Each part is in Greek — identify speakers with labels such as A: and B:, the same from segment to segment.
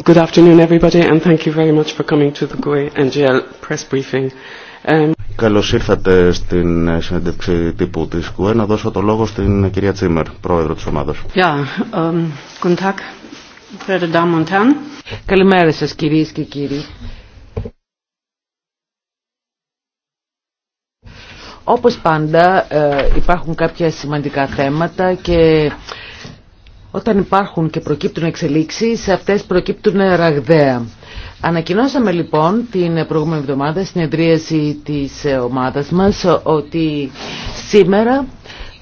A: Good afternoon everybody and thank you very much for coming to the GUE NGL press briefing. Um... Καλώς ήρθατε στην συνέντευξη τύπου της GUE. Να δώσω το λόγο στην κυρία Τσίμερ, πρόεδρο της ομάδας.
B: Ja, um, guten Tag, Damen und Herren. Καλημέρα σας κυρίες και κύριοι. Όπως πάντα ε, υπάρχουν κάποια σημαντικά θέματα και όταν υπάρχουν και προκύπτουν εξελίξεις, αυτές προκύπτουν ραγδαία. Ανακοινώσαμε λοιπόν την προηγούμενη εβδομάδα στην εδρίαση της ομάδας μας ότι σήμερα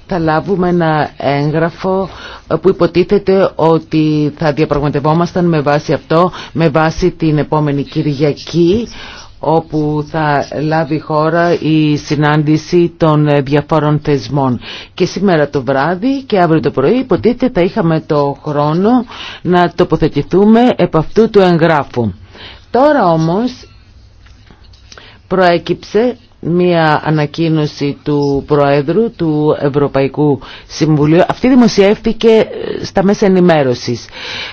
B: θα λάβουμε ένα έγγραφο που υποτίθεται ότι θα διαπραγματευόμασταν με βάση αυτό, με βάση την επόμενη Κυριακή όπου θα λάβει χώρα η συνάντηση των διαφόρων θεσμών. Και σήμερα το βράδυ και αύριο το πρωί υποτίθεται θα είχαμε το χρόνο να τοποθετηθούμε επ' αυτού του εγγράφου. Τώρα όμως προέκυψε μία ανακοίνωση του Προέδρου του Ευρωπαϊκού Συμβουλίου. Αυτή δημοσιεύτηκε ε, στα μέσα ενημέρωσης.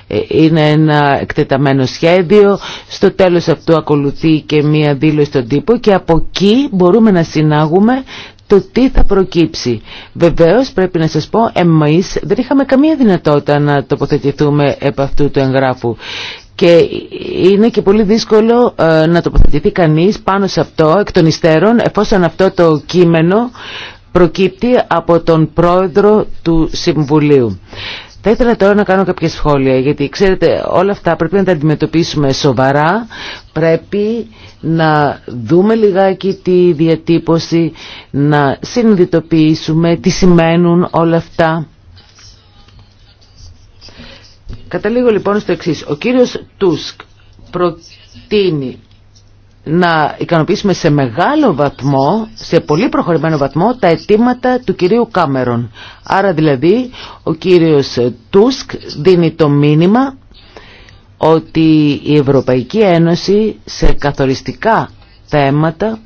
B: Ε, είναι ένα εκτεταμένο σχέδιο. Στο τέλος αυτού ακολουθεί και μία δήλωση στον τύπο και από εκεί μπορούμε να συνάγουμε το τι θα προκύψει. Βεβαίως πρέπει να σας πω εμείς δεν είχαμε καμία δυνατότητα να τοποθετηθούμε επ' αυτού του εγγράφου και είναι και πολύ δύσκολο ε, να τοποθετηθεί κανείς πάνω σε αυτό εκ των υστέρων εφόσον αυτό το κείμενο προκύπτει από τον πρόεδρο του Συμβουλίου. Θα ήθελα τώρα να κάνω κάποια σχόλια γιατί ξέρετε όλα αυτά πρέπει να τα αντιμετωπίσουμε σοβαρά πρέπει να δούμε λιγάκι τη διατύπωση να συνειδητοποιήσουμε τι σημαίνουν όλα αυτά Καταλήγω λοιπόν στο εξής. Ο κύριος Τούσκ προτείνει να ικανοποιήσουμε σε μεγάλο βαθμό, σε πολύ προχωρημένο βαθμό, τα αιτήματα του κυρίου Κάμερον. Άρα δηλαδή ο κύριος Τούσκ δίνει το μήνυμα ότι η Ευρωπαϊκή Ένωση σε καθοριστικά θέματα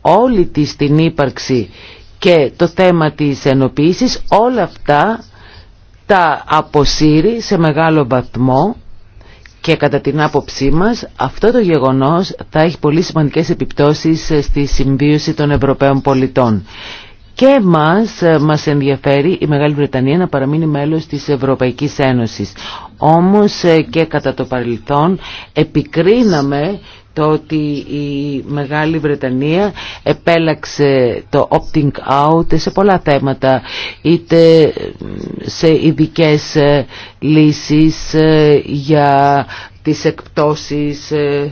B: όλη τη την ύπαρξη και το θέμα της ενοποίησης όλα αυτά τα αποσύρει σε μεγάλο βαθμό και κατά την άποψή μας αυτό το γεγονός θα έχει πολύ σημαντικές επιπτώσεις στη συμβίωση των Ευρωπαίων πολιτών. Και μας, ε, μας ενδιαφέρει η Μεγάλη Βρετανία να παραμείνει μέλος της Ευρωπαϊκής Ένωσης. Όμως ε, και κατά το παρελθόν επικρίναμε ότι η Μεγάλη Βρετανία επέλαξε το opting out σε πολλά θέματα είτε σε ειδικέ ε, λύσεις ε, για τις εκπτώσεις ε,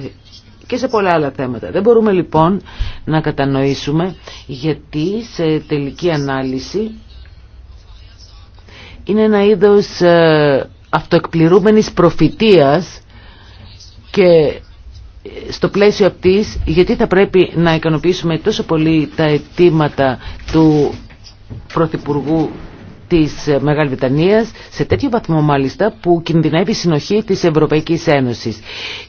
B: και σε πολλά άλλα θέματα. Δεν μπορούμε λοιπόν να κατανοήσουμε γιατί σε τελική ανάλυση είναι ένα είδος αυτοεκπληρούμενης προφητείας και στο πλαίσιο αυτής, γιατί θα πρέπει να ικανοποιήσουμε τόσο πολύ τα αιτήματα του Πρωθυπουργού της Μεγάλης Βρετανίας σε τέτοιο βαθμό μάλιστα που κινδυνεύει η συνοχή της Ευρωπαϊκής Ένωσης.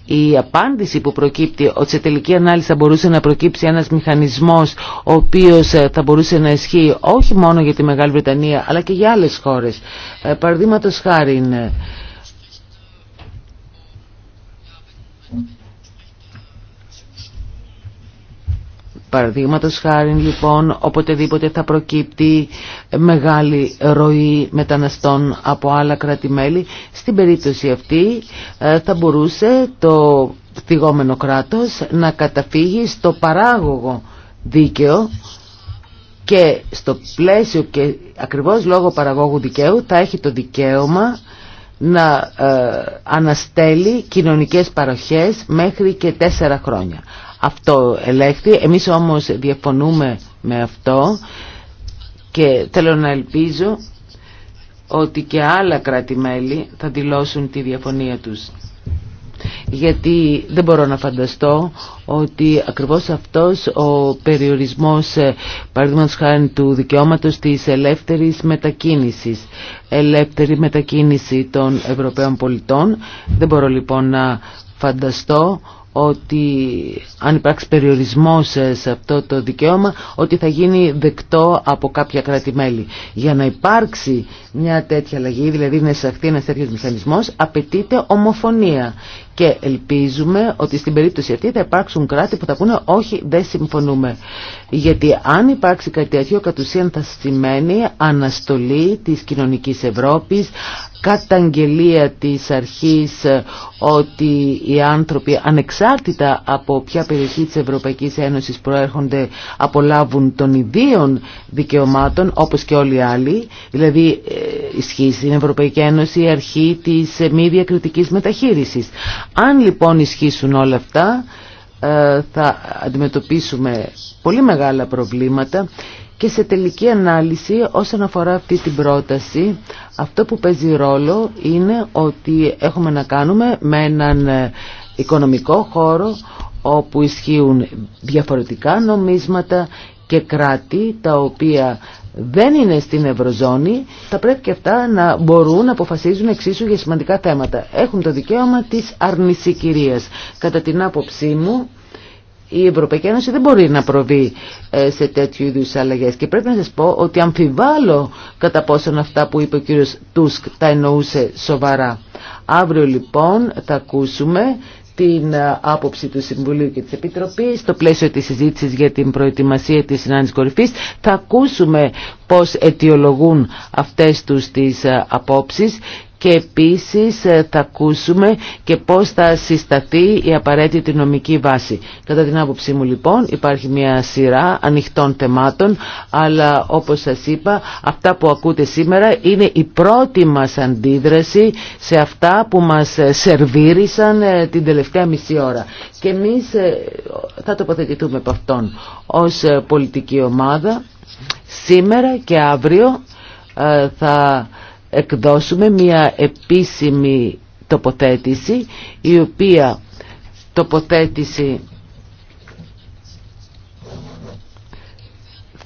B: Η απάντηση που προκύπτει ότι σε τελική ανάλυση θα μπορούσε να προκύψει ένας μηχανισμός ο οποίος ε, θα μπορούσε να ισχύει όχι μόνο για τη Μεγάλη Βρετανία αλλά και για άλλες χώρες. Ε, Παραδείγματο χάρη είναι Παραδείγματο χάρη λοιπόν οποτεδήποτε θα προκύπτει μεγάλη ροή μεταναστών από άλλα κράτη-μέλη. Στην περίπτωση αυτή ε, θα μπορούσε το θυγόμενο κράτος να καταφύγει στο παράγωγο δίκαιο και στο πλαίσιο και ακριβώς λόγω παραγώγου δικαίου θα έχει το δικαίωμα να ε, αναστέλει κοινωνικές παροχές μέχρι και τέσσερα χρόνια αυτό ελέγχθη. Εμείς όμως διαφωνούμε με αυτό και θέλω να ελπίζω ότι και άλλα κράτη-μέλη θα δηλώσουν τη διαφωνία τους. Γιατί δεν μπορώ να φανταστώ ότι ακριβώς αυτός ο περιορισμός, ε, παραδείγματος χάρη του δικαιώματος της ελεύθερης μετακίνησης, ελεύθερη μετακίνηση των Ευρωπαίων πολιτών, δεν μπορώ λοιπόν να φανταστώ ότι αν υπάρξει περιορισμός ε, σε αυτό το δικαίωμα ότι θα γίνει δεκτό από κάποια κράτη-μέλη. Για να υπάρξει μια τέτοια αλλαγή, δηλαδή να εισαχθεί ένας τέτοιος μηχανισμός, απαιτείται ομοφωνία. Και ελπίζουμε ότι στην περίπτωση αυτή θα υπάρξουν κράτη που θα πούνε όχι δεν συμφωνούμε. Γιατί αν υπάρξει κάτι τέτοιο κατ' ουσίαν θα σημαίνει αναστολή της κοινωνικής Ευρώπης, καταγγελία της αρχής ε, ότι οι άνθρωποι ανεξάρτητα από ποια περιοχή της Ευρωπαϊκής Ένωσης προέρχονται απολάβουν των ιδίων δικαιωμάτων όπως και όλοι οι άλλοι δηλαδή ε, ισχύει στην Ευρωπαϊκή Ένωση η αρχή της ε, μη διακριτικής μεταχείρισης αν λοιπόν ισχύσουν όλα αυτά ε, θα αντιμετωπίσουμε πολύ μεγάλα προβλήματα και σε τελική ανάλυση όσον αφορά αυτή την πρόταση αυτό που παίζει ρόλο είναι ότι έχουμε να κάνουμε με έναν ε, οικονομικό χώρο όπου ισχύουν διαφορετικά νομίσματα και κράτη τα οποία δεν είναι στην Ευρωζώνη, θα πρέπει και αυτά να μπορούν να αποφασίζουν εξίσου για σημαντικά θέματα. Έχουν το δικαίωμα της αρνησικυρίας. Κατά την άποψή μου, η Ευρωπαϊκή Ένωση δεν μπορεί να προβεί ε, σε τέτοιου είδους αλλαγές και πρέπει να σας πω ότι αμφιβάλλω κατά πόσον αυτά που είπε ο κύριος Τούσκ τα εννοούσε σοβαρά. Αύριο λοιπόν θα ακούσουμε την ε, άποψη του Συμβουλίου και της Επιτροπής στο πλαίσιο της συζήτησης για την προετοιμασία της συνάντησης κορυφής θα ακούσουμε πώς αιτιολογούν αυτές τους τις ε, απόψεις και επίσης ε, θα ακούσουμε και πώς θα συσταθεί η απαραίτητη νομική βάση. Κατά την άποψή μου λοιπόν υπάρχει μια σειρά ανοιχτών θεμάτων αλλά όπως σας είπα αυτά που ακούτε σήμερα είναι η πρώτη μας αντίδραση σε αυτά που μας ε, σερβίρισαν ε, την τελευταία μισή ώρα. Και εμείς θα τοποθετηθούμε από αυτόν ως πολιτική ομάδα σήμερα και αύριο θα εκδώσουμε μια επίσημη τοποθέτηση η οποία τοποθέτηση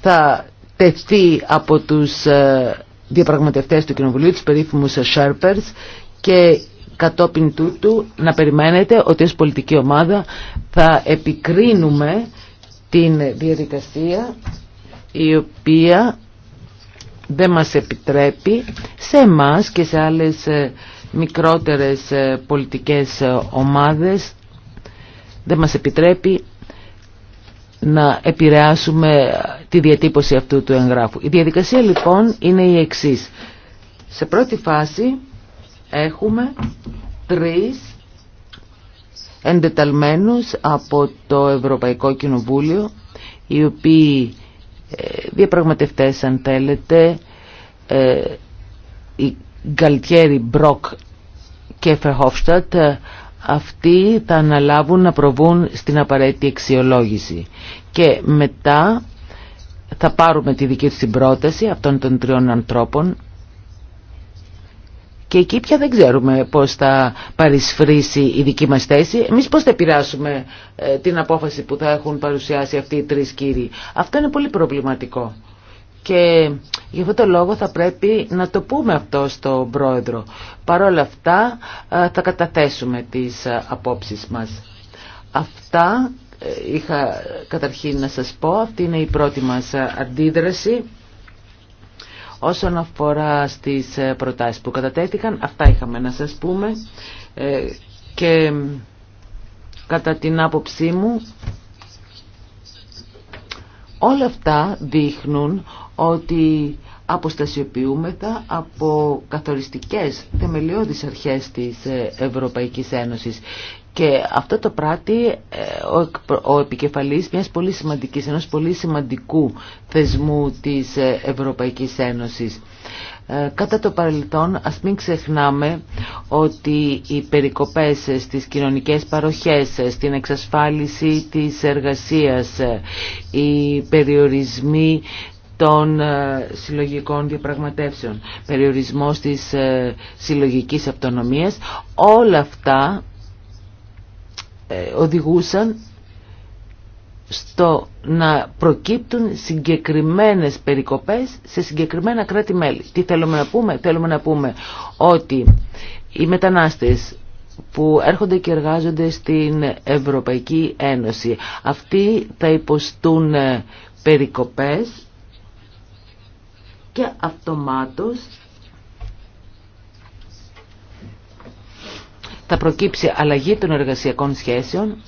B: θα τεθεί από τους ε, διαπραγματευτές του Κοινοβουλίου, τους περίφημους Sherpers και κατόπιν τούτου να περιμένετε ότι ως πολιτική ομάδα θα επικρίνουμε την διαδικασία η οποία δεν μας επιτρέπει σε μας και σε άλλες ε, μικρότερες ε, πολιτικές ε, ομάδες δεν μας επιτρέπει να επηρεάσουμε τη διατύπωση αυτού του εγγράφου. Η διαδικασία λοιπόν είναι η εξής. Σε πρώτη φάση έχουμε τρεις εντεταλμένους από το Ευρωπαϊκό Κοινοβούλιο οι οποίοι ε, διαπραγματευτές αν θέλετε οι ε, Γκαλτιέρη, Μπροκ και Φεχόφστατ, ε, αυτοί θα αναλάβουν να προβούν στην απαραίτητη αξιολόγηση και μετά θα πάρουμε τη δική τους πρόταση αυτών των τριών ανθρώπων και εκεί πια δεν ξέρουμε πώς θα παρισφρήσει η δική μας θέση. Εμείς πώς θα επηρεάσουμε ε, την απόφαση που θα έχουν παρουσιάσει αυτοί οι τρεις κύριοι. Αυτό είναι πολύ προβληματικό. Και γι' αυτό το λόγο θα πρέπει να το πούμε αυτό στον πρόεδρο. Παρ' όλα αυτά ε, θα καταθέσουμε τις ε, απόψεις μας. Αυτά είχα καταρχήν να σας πω. Αυτή είναι η πρώτη μας αντίδραση. Όσον αφορά στις ε, προτάσεις που κατατέθηκαν, αυτά είχαμε να σας πούμε ε, και κατά την άποψή μου όλα αυτά δείχνουν ότι αποστασιοποιούμεθα από καθοριστικές θεμελιώδεις αρχές της ε, Ευρωπαϊκής Ένωσης. Και αυτό το πράττει ε, ο επικεφαλής μιας πολύ σημαντικής, ενός πολύ σημαντικού θεσμού της ε, Ευρωπαϊκής Ένωσης. Κατά το παρελθόν ας μην ξεχνάμε ότι οι περικοπές στις κοινωνικές παροχές, στην εξασφάλιση της εργασίας, οι περιορισμοί των ε, συλλογικών διαπραγματεύσεων, περιορισμός της ε, συλλογικής αυτονομίας, όλα αυτά ε, οδηγούσαν στο να προκύπτουν συγκεκριμένες περικοπές σε συγκεκριμένα κράτη-μέλη. Τι θέλουμε να πούμε, θέλουμε να πούμε ότι οι μετανάστες που έρχονται και εργάζονται στην Ευρωπαϊκή Ένωση, αυτοί θα υποστούν περικοπές και αυτομάτως θα προκύψει αλλαγή των εργασιακών σχέσεων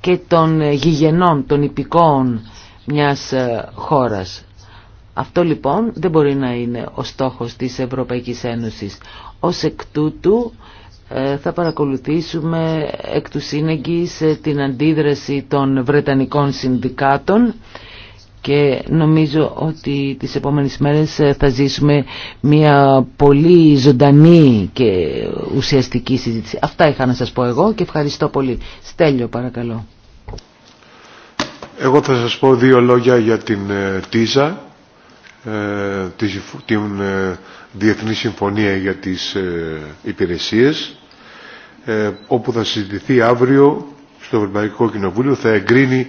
B: και των γηγενών, των υπηκόων μιας ε, χώρας. Αυτό λοιπόν δεν μπορεί να είναι ο στόχος της Ευρωπαϊκής Ένωσης. Ως εκ τούτου ε, θα παρακολουθήσουμε εκ του σύνεγγυς ε, την αντίδραση των Βρετανικών Συνδικάτων και νομίζω ότι τις επόμενες μέρες ε, θα ζήσουμε μια πολύ ζωντανή και ουσιαστική συζήτηση. Αυτά είχα να σας πω εγώ και ευχαριστώ πολύ. Στέλιο παρακαλώ.
C: Εγώ θα σας πω δύο λόγια για την ε, ΤΙΖΑ, ε, την Διεθνή Συμφωνία για τις Υπηρεσίες, όπου θα συζητηθεί αύριο στο Ευρωπαϊκό Κοινοβούλιο, θα εγκρίνει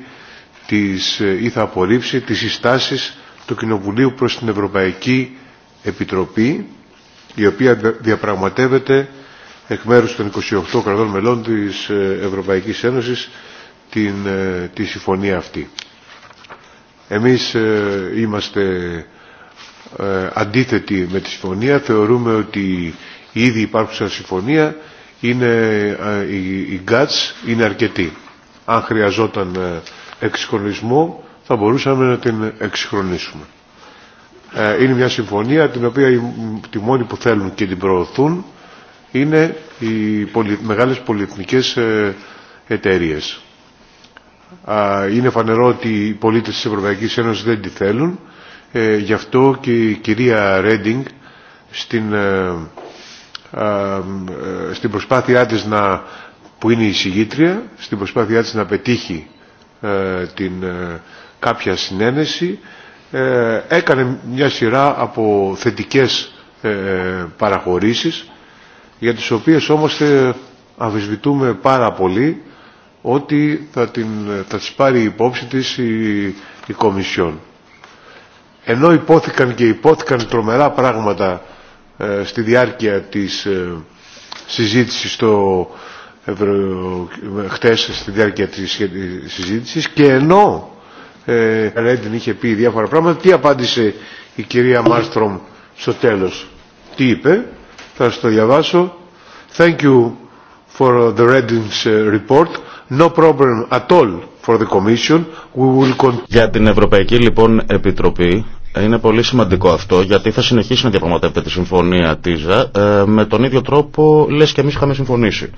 C: ε, ή θα απορρίψει τις συστάσεις του Κοινοβουλίου προς την Ευρωπαϊκή Επιτροπή η οποία διαπραγματεύεται εκ μέρους των 28 κρατών μελών της ε, Ευρωπαϊκής Ένωσης την, ε, τη συμφωνία αυτή. Εμείς είμαστε αντίθετοι με τη συμφωνία. Θεωρούμε ότι η ήδη υπάρχουσα συμφωνία είναι, η, η GATS είναι αρκετή. Αν χρειαζόταν εξυγχρονισμό θα μπορούσαμε να την εξυγχρονίσουμε. Ε, είναι μια συμφωνία την οποία τη μόνη που θέλουν και την προωθούν είναι οι μεγάλες πολυεθνικές ε, εταιρείε. Είναι φανερό ότι οι πολίτες της Ευρωπαϊκής Ένωσης δεν τη θέλουν. Ε, γι' αυτό και η κυρία Ρέντινγκ στην, στην προσπάθειά της να, που είναι η συγγήτρια, στην προσπάθειά της να πετύχει ε, την ε, κάποια συνένεση ε, έκανε μια σειρά από θετικές παραχωρήσεις για τις οποίες όμως αμφισβητούμε πάρα πολύ ότι θα, την, θα τις πάρει υπόψη της η, η Κομισιόν. Ενώ υπόθηκαν και υπόθηκαν τρομερά πράγματα στη διάρκεια της ε, συζήτησης στο Ευρω... χτες στη διάρκεια της συζήτησης και ενώ ε, Ρέντιν είχε πει διάφορα πράγματα τι απάντησε η κυρία Μάρστρομ στο τέλος τι είπε θα σας το διαβάσω Thank you for the ε, report No problem at all for the Commission We will Για την
A: Ευρωπαϊκή λοιπόν Επιτροπή είναι πολύ σημαντικό αυτό γιατί θα συνεχίσει να διαπραγματεύεται τη
C: συμφωνία ΤΙΖΑ ε, με τον ίδιο τρόπο λες και εμείς είχαμε συμφωνήσει.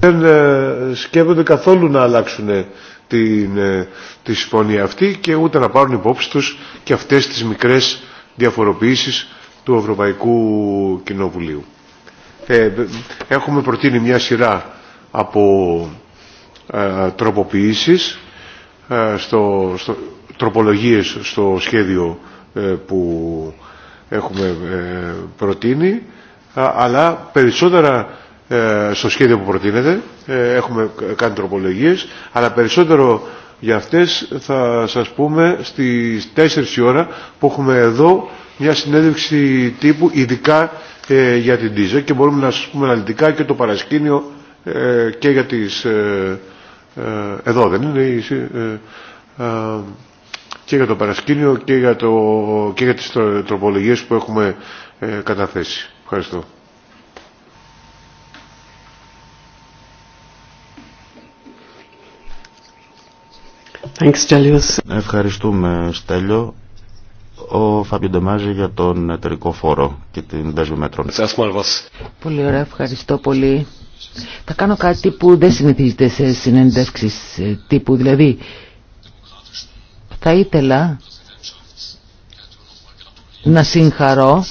C: Δεν ε, σκέφτονται καθόλου να αλλάξουν ε, ε, τη συμφωνία αυτή και ούτε να πάρουν υπόψη τους και αυτές τις μικρές διαφοροποιήσεις του Ευρωπαϊκού Κοινοβουλίου. έχουμε προτείνει μια σειρά από ε, τροποποιήσεις στο, στο, τροπολογίες στο σχέδιο που έχουμε προτείνει αλλά περισσότερα ε, στο σχέδιο που προτείνεται. Ε, έχουμε κάνει τροπολογίες, αλλά περισσότερο για αυτές θα σας πούμε στις 4 η ώρα που έχουμε εδώ μια συνέντευξη τύπου ειδικά ε, για την ΤΙΖΕ και μπορούμε να σας πούμε αναλυτικά και το παρασκήνιο και για τις... εδώ δεν είναι και για το παρασκήνιο και για, το, και για τις τροπολογίες που έχουμε καταθέσει. Ευχαριστώ.
A: Thanks, Ευχαριστούμε, Στέλιο. Ο Φάμπιο Ντεμάζη για τον εταιρικό φόρο και την δέσμη μέτρων.
B: Πολύ ωραία, ευχαριστώ πολύ. Θα κάνω κάτι που δεν συνηθίζεται σε συνέντευξεις τύπου, δηλαδή θα ήθελα να συγχαρώ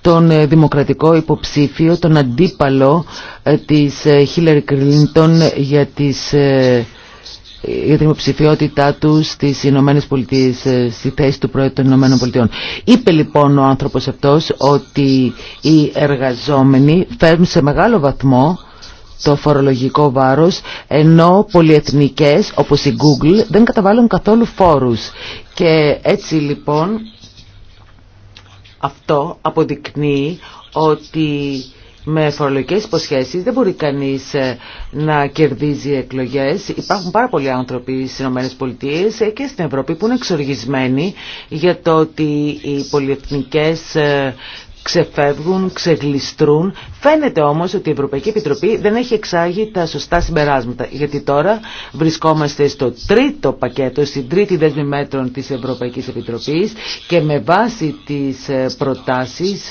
B: τον ε, δημοκρατικό υποψήφιο, τον αντίπαλο ε, της ε, Χίλερ Κρίντον για τις για την υποψηφιότητά του στις Ηνωμένες Πολιτείες ε, στη θέση του Πρόεδρου των Ηνωμένων Πολιτείων. Είπε λοιπόν ο άνθρωπος αυτός ότι οι εργαζόμενοι φέρνουν σε μεγάλο βαθμό το φορολογικό βάρος ενώ πολυεθνικές όπως η Google δεν καταβάλουν καθόλου φόρους και έτσι λοιπόν αυτό αποδεικνύει ότι με φορολογικές υποσχέσεις δεν μπορεί κανείς ε, να κερδίζει εκλογές. Υπάρχουν πάρα πολλοί άνθρωποι στι ΗΠΑ ε, και στην Ευρώπη που είναι εξοργισμένοι για το ότι οι πολυεθνικές ε, ξεφεύγουν, ξεγλιστρούν. Φαίνεται όμως ότι η Ευρωπαϊκή Επιτροπή δεν έχει εξάγει τα σωστά συμπεράσματα. Γιατί τώρα βρισκόμαστε στο τρίτο πακέτο, στην τρίτη δέσμη μέτρων της Ευρωπαϊκής Επιτροπής και με βάση τις προτάσεις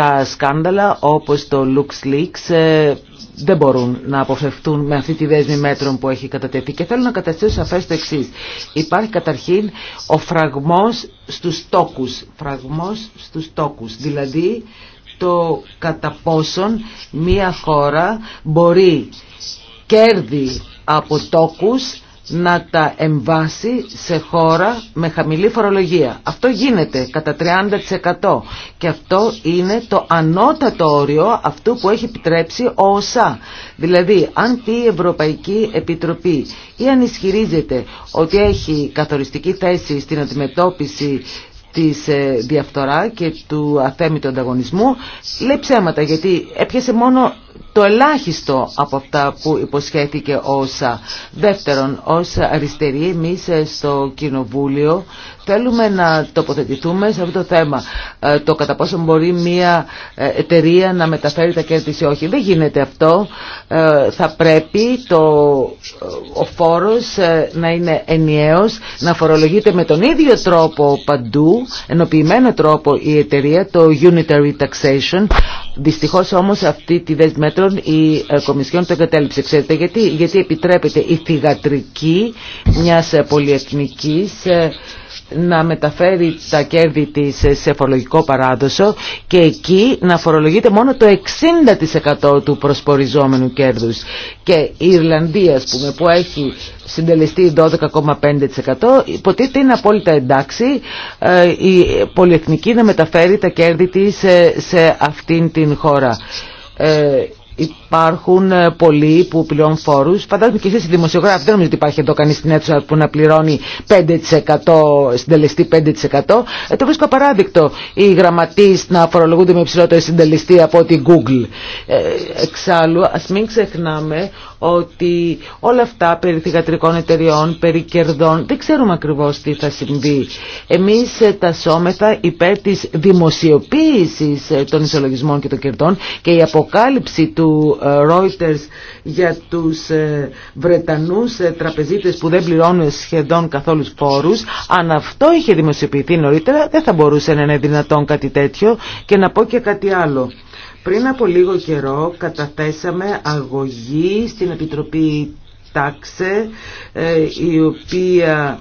B: τα σκάνδαλα όπως το LuxLeaks ε, δεν μπορούν να αποφευθούν με αυτή τη δέσμη μέτρων που έχει κατατεθεί. Και θέλω να καταστήσω σαφές το εξή. Υπάρχει καταρχήν ο φραγμός στους τόκους. Φραγμός στους τόκους. Δηλαδή το κατά πόσον μία χώρα μπορεί κέρδη από τόκους να τα εμβάσει σε χώρα με χαμηλή φορολογία. Αυτό γίνεται κατά 30% και αυτό είναι το ανώτατο όριο αυτού που έχει επιτρέψει ο ΩΣΑ. Δηλαδή, αν πει η Ευρωπαϊκή Επιτροπή ή αν ισχυρίζεται ότι έχει καθοριστική θέση στην αντιμετώπιση της ε, διαφθορά και του αθέμητου ανταγωνισμού λέει ψέματα γιατί έπιασε μόνο το ελάχιστο από αυτά που υποσχέθηκε όσα. Δεύτερον, ως αριστερή εμεί ε, στο Κοινοβούλιο θέλουμε να τοποθετηθούμε σε αυτό το θέμα. Ε, το κατά πόσο μπορεί μια ε, εταιρεία να μεταφέρει τα κέρδη σε όχι. Δεν γίνεται αυτό. Θα πρέπει το, ο φόρος να είναι ενιαίος, να φορολογείται με τον ίδιο τρόπο παντού, ενοποιημένο τρόπο η εταιρεία, το unitary taxation. Δυστυχώς όμως αυτή τη μέτρων η ε, Κομισιόν το εγκατέλειψε. Ξέρετε γιατί, γιατί επιτρέπεται η θηγατρική μιας ε, πολυεθνικής ε, να μεταφέρει τα κέρδη της σε φορολογικό παράδοσο και εκεί να φορολογείται μόνο το 60% του προσποριζόμενου κέρδους. Και η Ιρλανδία, ας πούμε, που έχει συντελεστεί 12,5% υποτίθεται είναι απόλυτα εντάξει η πολυεθνική να μεταφέρει τα κέρδη της σε αυτήν την χώρα. Υπότιτλοι υπάρχουν ε, πολλοί που πληρώνουν φόρους. Φαντάζομαι και εσείς οι δημοσιογράφοι, δεν νομίζω ότι υπάρχει εδώ κανείς στην αίθουσα που να πληρώνει 5%, συντελεστή 5%. Ε, το βρίσκω απαράδεικτο οι γραμματείς να φορολογούνται με υψηλότερο συντελεστή από την Google. Ε, εξάλλου, ας μην ξεχνάμε ότι όλα αυτά περί θηγατρικών εταιριών, περί κερδών, δεν ξέρουμε ακριβώς τι θα συμβεί. Εμείς ε, τα σώμεθα υπέρ της δημοσιοποίησης των ισολογισμών και των κερδών και η αποκάλυψη του Reuters ε, για τους ε, Βρετανούς ε, τραπεζίτες που δεν πληρώνουν σχεδόν καθόλου πόρους. Αν αυτό είχε δημοσιοποιηθεί νωρίτερα δεν θα μπορούσε να είναι δυνατόν κάτι τέτοιο και να πω και κάτι άλλο. Πριν από λίγο καιρό καταθέσαμε αγωγή στην Επιτροπή Τάξε η οποία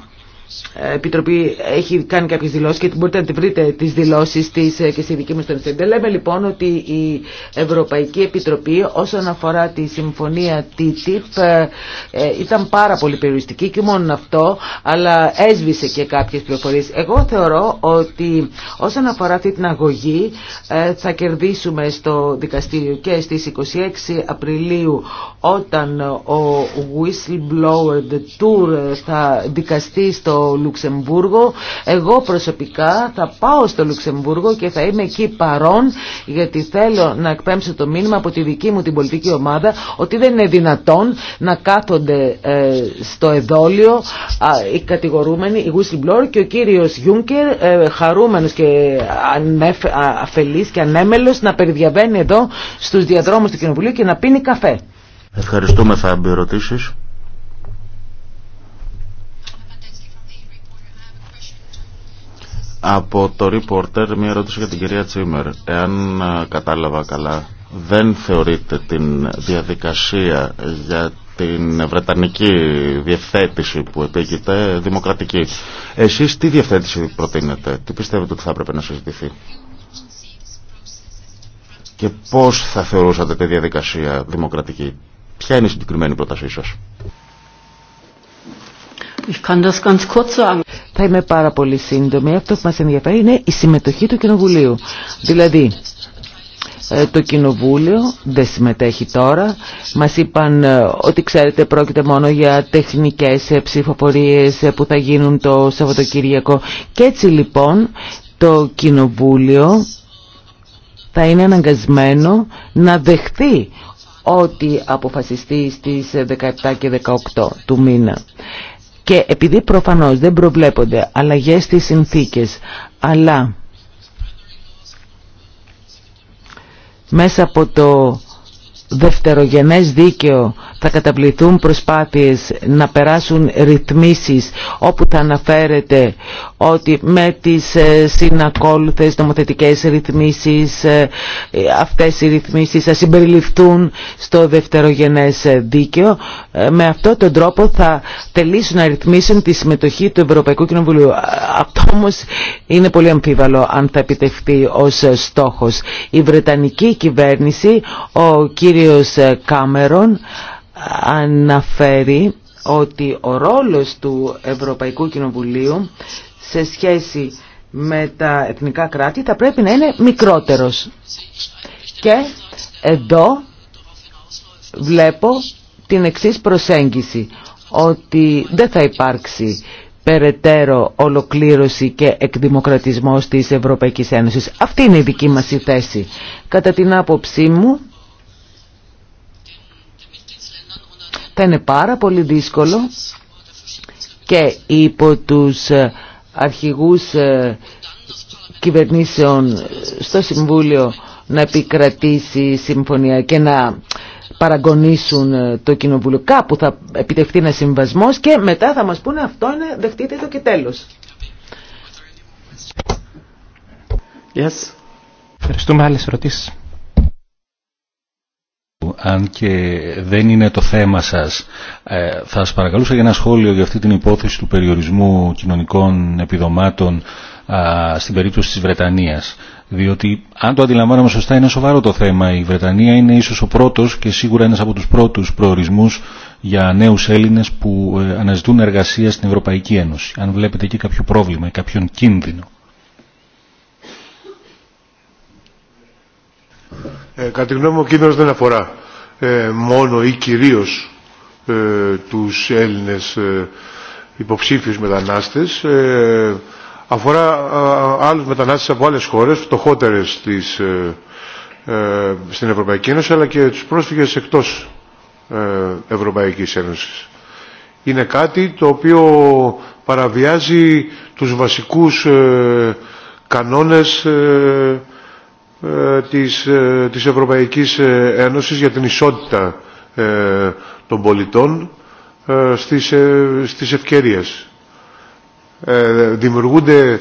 B: ε, Επιτροπή έχει κάνει κάποιες δηλώσεις και μπορείτε να τη βρείτε τις δηλώσεις της ε, και στη δική μου στον Λέμε λοιπόν ότι η Ευρωπαϊκή Επιτροπή όσον αφορά τη συμφωνία TTIP ε, ήταν πάρα πολύ περιοριστική και μόνο αυτό αλλά έσβησε και κάποιες πληροφορίες. Εγώ θεωρώ ότι όσον αφορά αυτή την αγωγή θα κερδίσουμε στο δικαστήριο και στις 26 Απριλίου όταν ο whistleblower the tour θα δικαστεί στο Λουξεμβούργο. Εγώ προσωπικά θα πάω στο Λουξεμβούργο και θα είμαι εκεί παρόν γιατί θέλω να εκπέμψω το μήνυμα από τη δική μου την πολιτική ομάδα ότι δεν είναι δυνατόν να κάθονται ε, στο εδόλιο οι κατηγορούμενοι, οι whistleblower και ο κύριος Γιούνκερ ε, χαρούμενος και αφελής και ανέμελος να περιδιαβαίνει εδώ στους διαδρόμους του Κοινοβουλίου και να πίνει καφέ.
A: Ευχαριστούμε. Θα εμπειρωτήσεις. Από το Reporter μια ερώτηση για την κυρία Τσίμερ. Εάν κατάλαβα καλά, δεν θεωρείτε την διαδικασία για την βρετανική διευθέτηση που επίκειται δημοκρατική. Εσείς τι διευθέτηση προτείνετε, τι πιστεύετε ότι θα έπρεπε να συζητηθεί και πώς θα θεωρούσατε τη διαδικασία δημοκρατική. Ποια είναι η συγκεκριμένη πρότασή σας. Ich
B: kann das ganz kurz sagen. Θα είμαι πάρα πολύ σύντομη. Αυτό που μας ενδιαφέρει είναι η συμμετοχή του Κοινοβουλίου. Δηλαδή, ε, το Κοινοβούλιο δεν συμμετέχει τώρα. Μας είπαν ε, ότι ξέρετε πρόκειται μόνο για τεχνικές ε, ψηφοφορίες που θα γίνουν το Σαββατοκύριακο. Και έτσι λοιπόν το Κοινοβούλιο θα είναι αναγκασμένο να δεχθεί ό,τι αποφασιστεί στις 17 και 18 του μήνα. Και επειδή προφανώς δεν προβλέπονται αλλαγές στις συνθήκες, αλλά μέσα από το δευτερογενές δίκαιο θα καταβληθούν προσπάθειες να περάσουν ρυθμίσεις όπου θα αναφέρεται ότι με τις ε, συνακόλουθες νομοθετικές ρυθμίσεις ε, αυτές οι ρυθμίσεις θα συμπεριληφθούν στο δευτερογενές δίκαιο ε, με αυτόν τον τρόπο θα τελείσουν να ρυθμίσουν τη συμμετοχή του Ευρωπαϊκού Κοινοβουλίου αυτό όμω είναι πολύ αμφίβαλο αν θα επιτευχθεί ως στόχος η Βρετανική κυβέρνηση ο κύριος ε, Κάμερον αναφέρει ότι ο ρόλος του Ευρωπαϊκού Κοινοβουλίου σε σχέση με τα εθνικά κράτη θα πρέπει να είναι μικρότερος. Και εδώ βλέπω την εξής προσέγγιση, ότι δεν θα υπάρξει περαιτέρω ολοκλήρωση και εκδημοκρατισμός της Ευρωπαϊκής Ένωσης. Αυτή είναι η δική μας θέση. Κατά την άποψή μου, θα είναι πάρα πολύ δύσκολο και υπό τους ε, αρχηγούς ε, κυβερνήσεων στο Συμβούλιο να επικρατήσει η συμφωνία και να παραγωνίσουν ε, το κοινοβούλιο. Κάπου θα επιτευχθεί ένα συμβασμός και μετά θα μας πούνε αυτό είναι δεχτείτε το και τέλος. Yes. Ευχαριστούμε
A: άλλες ερωτήσεις αν και δεν είναι το θέμα σας, ε, θα σας παρακαλούσα για ένα σχόλιο για αυτή την υπόθεση του περιορισμού κοινωνικών επιδομάτων στην περίπτωση της Βρετανίας. Διότι, αν το αντιλαμβάνομαι σωστά, είναι σοβαρό το θέμα. Η Βρετανία είναι ίσως ο πρώτος και σίγουρα ένας από τους πρώτους προορισμούς για νέους Έλληνες που ε, αναζητούν εργασία στην Ευρωπαϊκή Ένωση. Αν βλέπετε εκεί κάποιο πρόβλημα ή κάποιον κίνδυνο.
C: Ε, κατά τη γνώμη μου ο κίνδυνος δεν αφορά ε, μόνο ή κυρίως ε, τους Έλληνες ε, υποψήφιους μετανάστες αφορά άλλους μετανάστες από άλλες χώρες, φτωχότερες της, στην Ευρωπαϊκή Ένωση αλλά και τους πρόσφυγες εκτός Ευρωπαϊκής Ένωσης. Είναι κάτι το οποίο παραβιάζει τους βασικούς κανόνες της, της Ευρωπαϊκής Ένωσης για την ισότητα των πολιτών στις, στις ευκαιρίες. Δημιουργούνται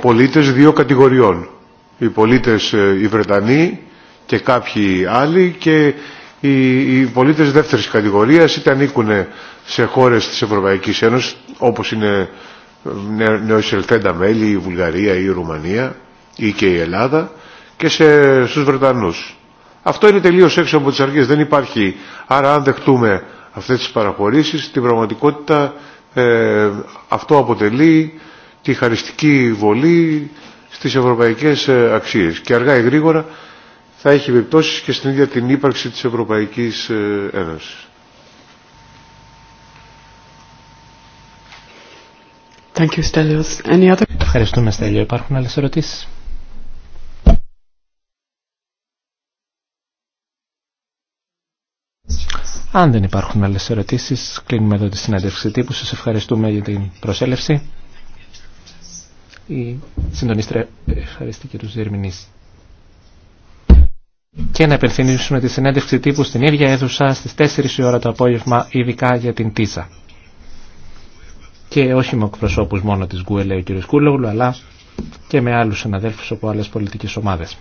C: πολίτες δύο κατηγοριών. Οι πολίτες οι Βρετανοί και κάποιοι άλλοι και οι, οι πολίτες δεύτερης κατηγορίας είτε ανήκουν σε χώρες της Ευρωπαϊκής Ένωσης όπως είναι η μέλη η Βουλγαρία ή η Ρουμανία ή και η Ελλάδα και σε, στους Βρετανούς. Αυτό είναι τελείως έξω από τις αρχές, δεν υπάρχει. Άρα αν δεχτούμε αυτές τις παραχωρήσεις, την πραγματικότητα ε, αυτό αποτελεί τη χαριστική βολή στις ευρωπαϊκές ε, αξίες. Και αργά ή γρήγορα θα έχει επιπτώσεις και στην ίδια την ύπαρξη της Ευρωπαϊκής ε, Ένωσης.
A: Ευχαριστούμε, Στέλιο. Υπάρχουν άλλες ερωτήσεις. Αν δεν υπάρχουν άλλες ερωτήσεις, κλείνουμε εδώ τη συνέντευξη τύπου. Σας ευχαριστούμε για την προσέλευση. Η συντονίστρια ευχαριστεί και τους διερμηνείς. Και να επενθυμίσουμε τη συνέντευξη τύπου στην ίδια αίθουσα στις 4 η ώρα το απόγευμα, ειδικά για την Τίζα. Και όχι με εκπροσώπους μόνο της Γκουελέου κ. Κούλογλου, αλλά και με άλλους συναδέλφους από άλλες πολιτικές ομάδες.